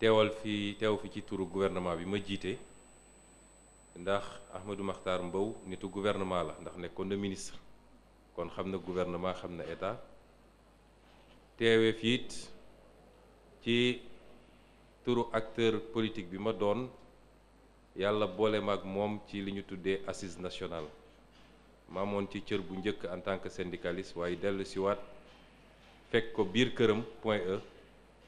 teewal fi teew fi ci turu gouvernement bi ma jité ndax Ahmadou Makhtar Mbau nitu gouvernement la ndax nekkoon na ministre kon xamna gouvernement xamna état fi ci turu acteur politique bi ma doon yalla bolé mak mom ci liñu tuddé assise nationale maamoon ci cieur bu ñëk en tant que syndicaliste delu ci wat fekk ko bir këram point E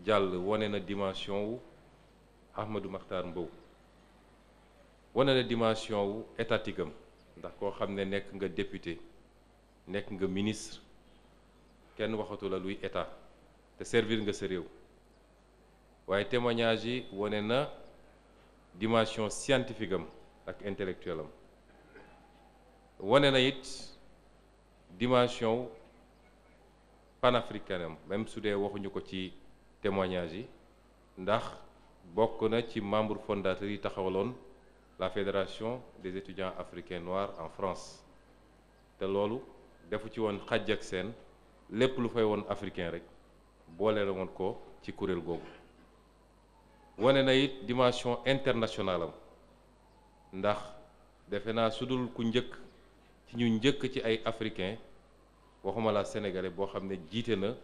Dial wane na dimension wu Ahmadou Makhtar Mbow wane na dimension wu étatique d'accord, ndax ko xam nek nga député nek nga ministre kenn waxatu la luy état te servir nga sa rew témoignage yi na dimension scientifique et ak intellectuel am it dimension panafricaine africaine même su waxuñu ko ci témoignage ndax bokk ci membre fondateur yi taxawalon la fédération des étudiants africains noirs en France Té lolu defu ci won xaj ak seen lépp lu fay won africain rek bolé la won ko ci kuréel googu Woné na yit dimension internationale am ndax defe naa sudul ku njëkk ci ñu njëkk ci ay africain waxuma la sénégalais bo xamné jité na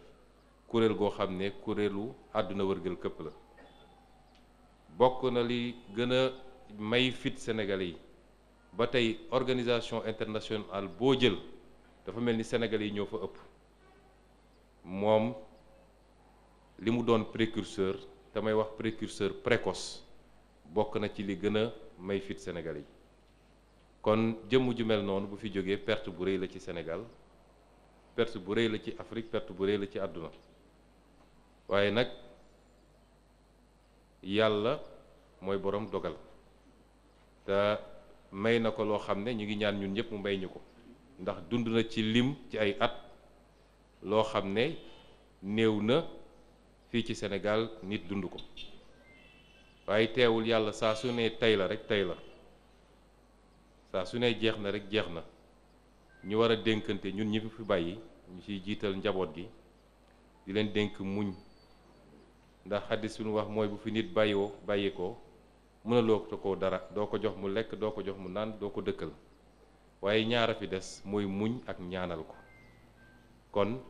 kurel go xam ne aduna wërgël la bokk na li gën a may fit Sénégalais yi ba organisation internationale bo jël dafa melni Sénégalais yi ñoo ëpp mom limu doon précurseur tamay wax précurseur précoce bokk na ci li Sénégalais kon jëmm ju mel non bu fi joggé perte bu rëy la ci Sénégal perte bu la ci Afrique perte bu rëy la ci aduna waaye nag yàlla mooy boroom dogal te may na ko loo xam ne ñu ngi ñaan ñun ñëpp mu may ñu ko ndax dund na ci lim ci ay at loo xam ne néew na fii ci Sénégal nit dund ko waaye teewul yàlla saa su ne tey la rek tey la saa su ne jeex na rek jeex na ñu war a dënkante ñun ñi fi bàyyi ñu ciy jiital njaboot gi di leen dénk muñ ndax xaddis bi nu wax mooy bu fi nit bàyyiwoo bàyyi ko mënaloo ko dara doo ko jox mu lekk doo ko jox mu naan doo ko dëkkal waaye ñaara fi des mooy muñ ak ñaanal ko kon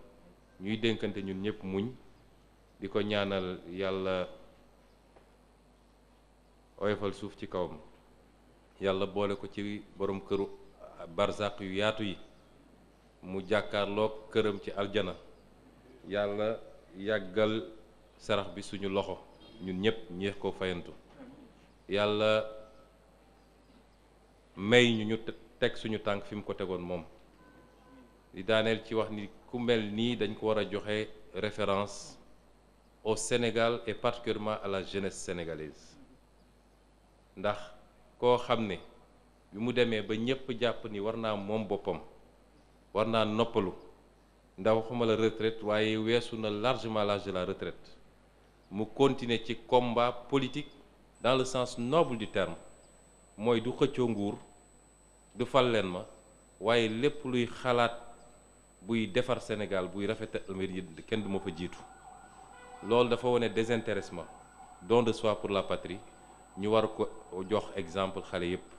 ñuy dénkante ñun ñëpp muñ di ko ñaanal yàlla oyofal suuf ci kawam yàlla boole ko ci boroom këru barzaq yu yaatu yi mu jàkkaarloog këram ci aljana yàlla yàggal sarax bi suñu loxo ñun ñëpp ñeex koo fayantu yàlla may ñu ñu teg suñu ko ci wax ni ku mel nii dañ ko a référence au Sénégal et particulièrement à la jeunesse sénégalaise ndax koo xam ne bi mu demee ba ñëpp jàpp ni war naa moom boppam noppalu la retraite na largement l'âge de la retraite mu continuer ci combat politique dans le sens noble du terme moy du xëccoo nguur du fal leen ma waye lepp luy xalat buy defar Sénégal buy rafetal mbir yi kenn du ma fa jitu loolu dafa woné désintéressement don de soi pour la patrie ñu war ko jox exemple xalé yépp